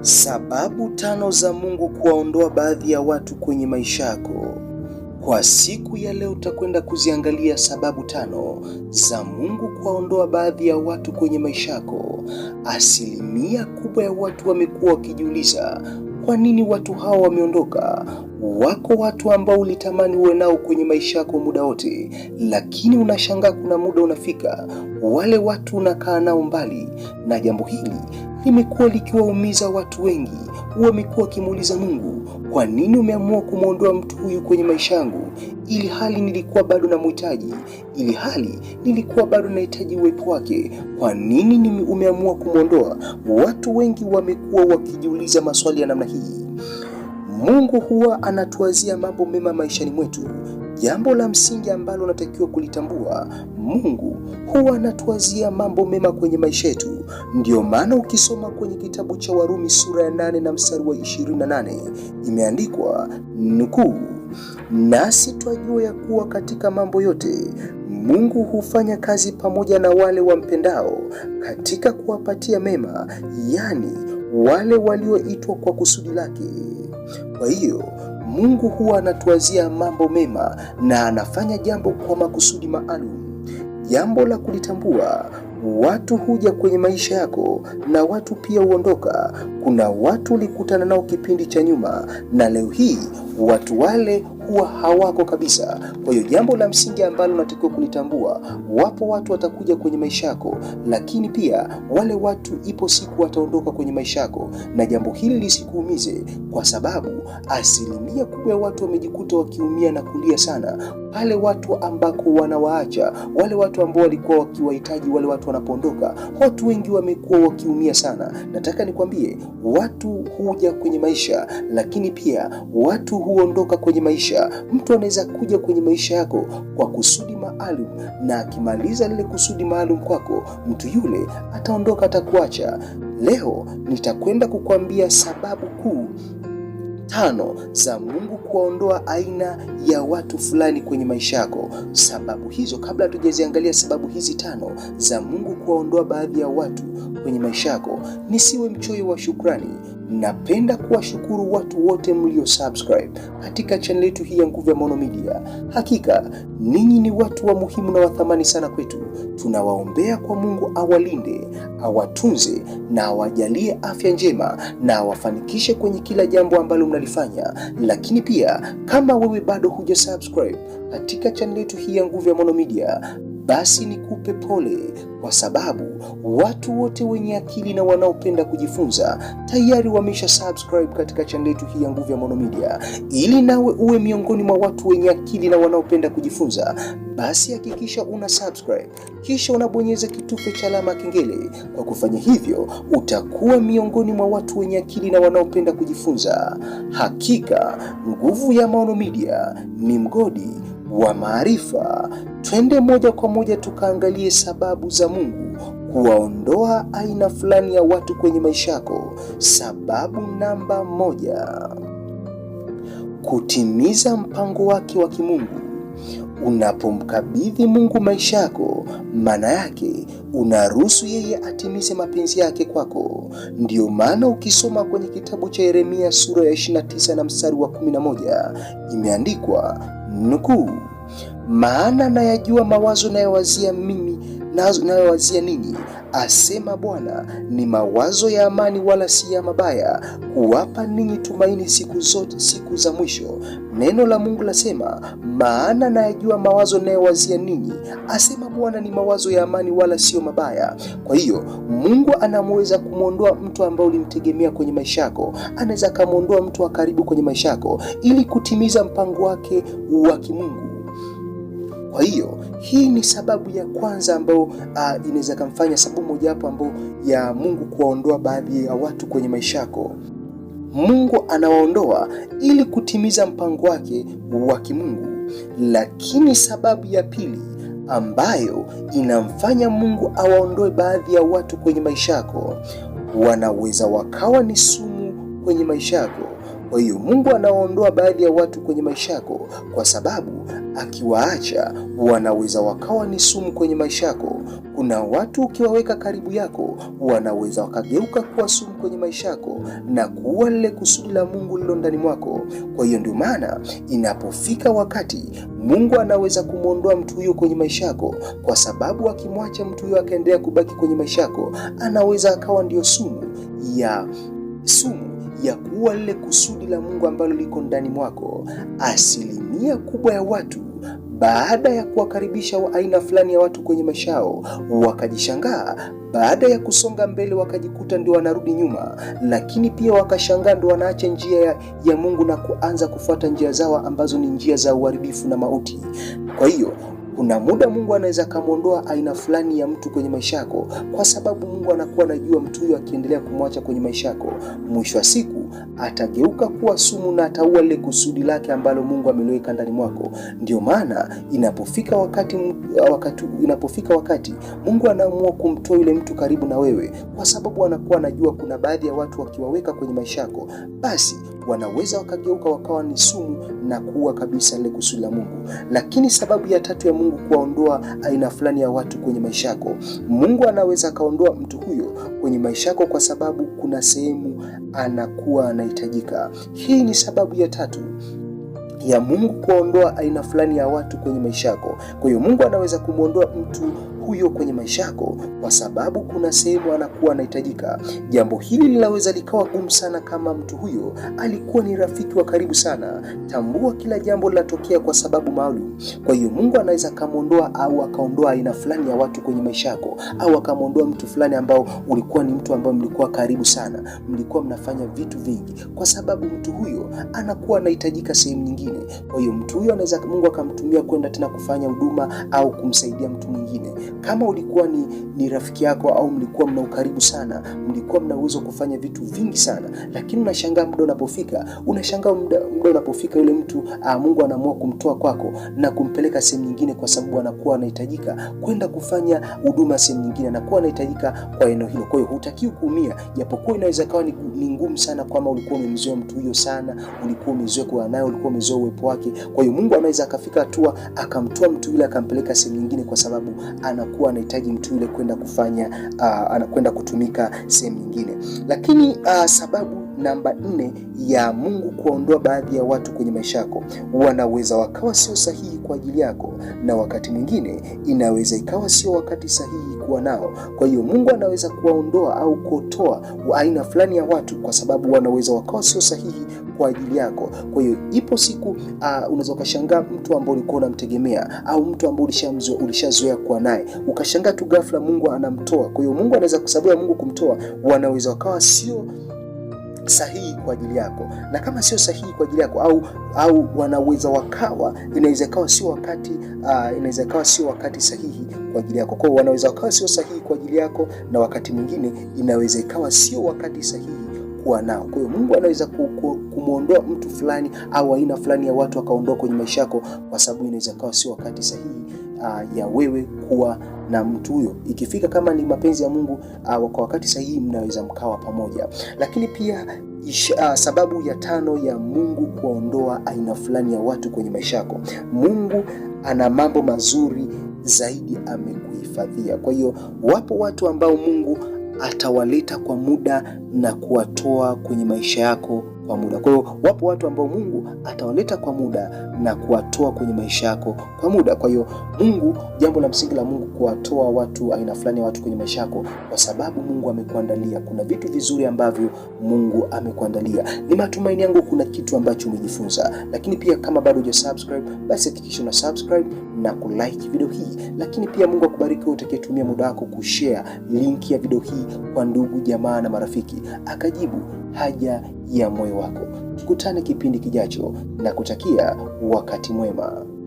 Sababu tano za Mungu kuwaondoa baadhi ya watu kwenye maisha yako. Kwa siku ya leo utakwenda kuziangalia sababu tano za Mungu kuwaondoa baadhi ya watu kwenye maisha yako. Asilimia kubwa ya watu wamekuwa wakijiuliza kwa nini watu hao wameondoka. Wako watu ambao ulitamani uwe nao kwenye maisha yako muda wote, lakini unashangaa kuna muda unafika, wale watu unakaa nao mbali, na jambo hili limekuwa likiwaumiza watu wengi. Wamekuwa wakimuuliza Mungu, kwa nini umeamua kumwondoa mtu huyu kwenye maisha yangu, ili hali nilikuwa bado namhitaji, ili hali nilikuwa bado nahitaji uwepo wake? Kwa nini umeamua kumwondoa? Watu wengi wamekuwa wakijiuliza maswali ya namna hii. Mungu huwa anatuwazia mambo mema maishani mwetu Jambo la msingi ambalo unatakiwa kulitambua, Mungu huwa anatuwazia mambo mema kwenye maisha yetu. ndio maana ukisoma kwenye kitabu cha Warumi sura ya nane na mstari wa 28 imeandikwa nukuu, nasi twajua ya kuwa katika mambo yote Mungu hufanya kazi pamoja na wale wampendao katika kuwapatia mema, yaani wale walioitwa kwa kusudi lake. Kwa hiyo Mungu huwa anatuwazia mambo mema na anafanya jambo kwa makusudi maalum. Jambo la kulitambua, watu huja kwenye maisha yako na watu pia huondoka. Kuna watu ulikutana nao kipindi cha nyuma na leo hii watu wale kuwa hawako kabisa. Kwa hiyo jambo la msingi ambalo unatakiwa kulitambua, wapo watu watakuja kwenye maisha yako, lakini pia wale watu ipo siku wataondoka kwenye maisha yako, na jambo hili lisikuumize, kwa sababu asilimia kubwa ya watu wamejikuta wakiumia na kulia sana pale watu ambako wanawaacha wale watu ambao walikuwa wakiwahitaji wale watu wanapoondoka. Watu wengi wamekuwa wakiumia sana. Nataka nikwambie, watu huja kwenye maisha, lakini pia watu huondoka kwenye maisha. Pia mtu anaweza kuja kwenye maisha yako kwa kusudi maalum, na akimaliza lile kusudi maalum kwako, mtu yule ataondoka, atakuacha. Leo nitakwenda kukuambia sababu kuu tano za Mungu kuwaondoa aina ya watu fulani kwenye maisha yako. Sababu hizo, kabla hatujaziangalia sababu hizi tano za Mungu kuwaondoa baadhi ya watu kwenye maisha yako, nisiwe mchoyo wa shukrani Napenda kuwashukuru watu wote mlio subscribe katika channel yetu hii ya Nguvu ya Maono Media. Hakika ninyi ni watu wa muhimu na wathamani sana kwetu. Tunawaombea kwa Mungu awalinde, awatunze na awajalie afya njema na awafanikishe kwenye kila jambo ambalo mnalifanya. Lakini pia kama wewe bado huja subscribe katika channel yetu hii ya Nguvu ya Maono Media basi nikupe pole, kwa sababu watu wote wenye akili na wanaopenda kujifunza tayari wamesha subscribe katika channel yetu hii ya Nguvu ya Maono Media. Ili nawe uwe miongoni mwa watu wenye akili na wanaopenda kujifunza, basi hakikisha una subscribe, kisha unabonyeza kitufe cha alama kengele. Kwa kufanya hivyo, utakuwa miongoni mwa watu wenye akili na wanaopenda kujifunza. Hakika Nguvu ya Maono Media ni mgodi wa maarifa, twende moja kwa moja tukaangalie sababu za Mungu kuwaondoa aina fulani ya watu kwenye maisha yako. Sababu namba moja, kutimiza mpango wake wa kimungu. Unapomkabidhi Mungu maisha yako, maana yake unaruhusu yeye atimize mapenzi yake kwako. Ndiyo maana ukisoma kwenye kitabu cha Yeremia sura ya 29 na mstari wa 11 imeandikwa nukuu, maana nayajua mawazo nayowazia mimi nazo inayowazia ninyi, asema Bwana, ni mawazo ya amani, wala si ya mabaya, kuwapa ninyi tumaini siku zote, siku za mwisho. Neno la Mungu lasema, maana nayajua mawazo nayowazia ninyi, asema Bwana, ni mawazo ya amani, wala sio mabaya. Kwa hiyo Mungu anamweza kumwondoa mtu ambaye ulimtegemea kwenye maisha yako, anaweza akamwondoa mtu wa karibu kwenye maisha yako, ili kutimiza mpango wake wa kimungu. Kwa hiyo hii ni sababu ya kwanza ambayo uh, inaweza kumfanya sababu mojawapo ambayo ya Mungu kuwaondoa baadhi ya watu kwenye maisha yako. Mungu anawaondoa ili kutimiza mpango wake wa kimungu. Lakini sababu ya pili ambayo inamfanya Mungu awaondoe baadhi ya watu kwenye maisha yako, wanaweza wakawa ni sumu kwenye maisha yako. Kwa hiyo Mungu anawaondoa baadhi ya watu kwenye maisha yako kwa sababu akiwaacha wanaweza wakawa ni sumu kwenye maisha yako. Kuna watu ukiwaweka karibu yako wanaweza wakageuka kuwa sumu kwenye maisha yako na kuua lile kusudi la Mungu lilo ndani mwako. Kwa hiyo ndio maana inapofika wakati Mungu anaweza kumwondoa mtu huyo kwenye maisha yako, kwa sababu akimwacha mtu huyo akaendelea kubaki kwenye maisha yako, anaweza akawa ndio sumu ya sumu ya kuwa lile kusudi la Mungu ambalo liko ndani mwako. Asilimia kubwa ya watu baada ya kuwakaribisha wa aina fulani ya watu kwenye maisha yao, wakajishangaa baada ya kusonga mbele wakajikuta ndio wanarudi nyuma, lakini pia wakashangaa ndio wanaacha njia ya, ya Mungu na kuanza kufuata njia zao ambazo ni njia za uharibifu na mauti. Kwa hiyo kuna muda Mungu anaweza akamwondoa aina fulani ya mtu kwenye maisha yako, kwa sababu Mungu anakuwa anajua mtu huyo akiendelea kumwacha kwenye maisha yako, mwisho wa siku atageuka kuwa sumu na ataua lile kusudi lake ambalo Mungu ameliweka ndani mwako. Ndio maana inapofika wakati, wakati, inapofika wakati Mungu anaamua kumtoa yule mtu karibu na wewe, kwa sababu anakuwa anajua kuna baadhi ya watu wakiwaweka kwenye maisha yako, basi wanaweza wakageuka wakawa ni sumu na kuua kabisa lile kusudi la Mungu. Lakini sababu ya tatu ya Mungu Mungu kuwaondoa aina fulani ya watu kwenye maisha yako. Mungu anaweza akaondoa mtu huyo kwenye maisha yako kwa sababu kuna sehemu anakuwa anahitajika. Hii ni sababu ya tatu ya Mungu kuwaondoa aina fulani ya watu kwenye maisha yako. Kwa hiyo Mungu anaweza kumwondoa mtu huyo kwenye maisha yako, kwa sababu kuna sehemu anakuwa anahitajika. Jambo hili linaweza likawa gumu sana kama mtu huyo alikuwa ni rafiki wa karibu sana. Tambua kila jambo linatokea kwa sababu maalum. Kwa hiyo Mungu anaweza akamwondoa au akaondoa aina fulani ya watu kwenye maisha yako, au akamwondoa mtu fulani ambao ulikuwa ni mtu ambao mlikuwa karibu sana, mlikuwa mnafanya vitu vingi, kwa sababu mtu huyo anakuwa anahitajika sehemu nyingine. Kwa hiyo mtu huyo anaweza Mungu akamtumia kwenda tena kufanya huduma au kumsaidia mtu mwingine. Kama ulikuwa ni, ni rafiki yako au mlikuwa mna ukaribu sana, mlikuwa mna uwezo kufanya vitu vingi sana, lakini unashangaa muda unapofika, unashangaa muda unapofika yule mtu a, ah, Mungu anaamua kumtoa kwako na kumpeleka sehemu nyingine, kwa sababu anakuwa anahitajika kwenda kufanya huduma sehemu nyingine, anakuwa anahitajika kwa eneo hilo. Kwa hiyo hutakiwi kuumia, japokuwa inaweza kawa ni ni ngumu sana, kama ulikuwa umemzoea mtu huyo sana, ulikuwa umezoea kuwa naye, ulikuwa umezoea uwepo wake. Kwa hiyo Mungu anaweza akafika hatua akamtoa mtu yule akampeleka sehemu nyingine kwa sababu ana anakuwa anahitaji mtu yule kwenda kufanya uh, anakwenda kutumika sehemu nyingine, lakini uh, sababu namba nne ya Mungu kuwaondoa baadhi ya watu kwenye maisha yako, wanaweza wakawa sio sahihi kwa ajili yako, na wakati mwingine inaweza ikawa sio wakati sahihi kuwa nao. Kwa hiyo Mungu anaweza kuwaondoa au kuotoa aina fulani ya watu kwa sababu wanaweza wakawa sio sahihi kwa ajili yako. Kwa hiyo ipo siku uh, unaweza ukashangaa mtu ambaye ulikuwa unamtegemea au mtu ulishamzoea ulishazoea kuwa naye ukashangaa tu ghafla Mungu anamtoa. Kwa hiyo Mungu anaweza, kwa sababu ya Mungu kumtoa, wanaweza wakawa sio sahihi kwa ajili yako, na kama sio sahihi kwa ajili yako au, au wanaweza wakawa, inaweza ikawa sio wakati uh, inaweza ikawa sio wakati sahihi kwa ajili yako. Kwa hiyo wanaweza wakawa sio sahihi kwa ajili yako, na wakati mwingine inaweza ikawa sio wakati sahihi kuwa nao. Kwa hiyo Mungu anaweza kumwondoa mtu fulani au aina fulani ya watu akaondoa kwenye maisha yako, kwa sababu inaweza ikawa sio wakati sahihi uh, ya wewe kuwa na mtu huyo. Ikifika kama ni mapenzi ya Mungu uh, kwa wakati sahihi mnaweza mkawa pamoja, lakini pia Uh, sababu ya tano ya Mungu kuwaondoa aina fulani ya watu kwenye maisha yako. Mungu ana mambo mazuri zaidi amekuhifadhia. Kwa hiyo wapo watu ambao Mungu atawaleta kwa muda na kuwatoa kwenye maisha yako kwa muda. Kwa hiyo wapo watu ambao Mungu atawaleta kwa muda na kuwatoa kwenye maisha yako kwa muda. Kwa hiyo Mungu, jambo la msingi la Mungu kuwatoa watu aina fulani ya watu kwenye maisha yako, kwa sababu Mungu amekuandalia, kuna vitu vizuri ambavyo Mungu amekuandalia. Ni matumaini yangu kuna kitu ambacho umejifunza, lakini pia kama bado hujasubscribe, basi hakikisha una subscribe na kulike video hii, lakini pia Mungu akubariki wewe utakayetumia muda wako kushare linki ya video hii kwa ndugu, jamaa na marafiki, akajibu haja ya moyo wako. Tukutane kipindi kijacho na kutakia wakati mwema.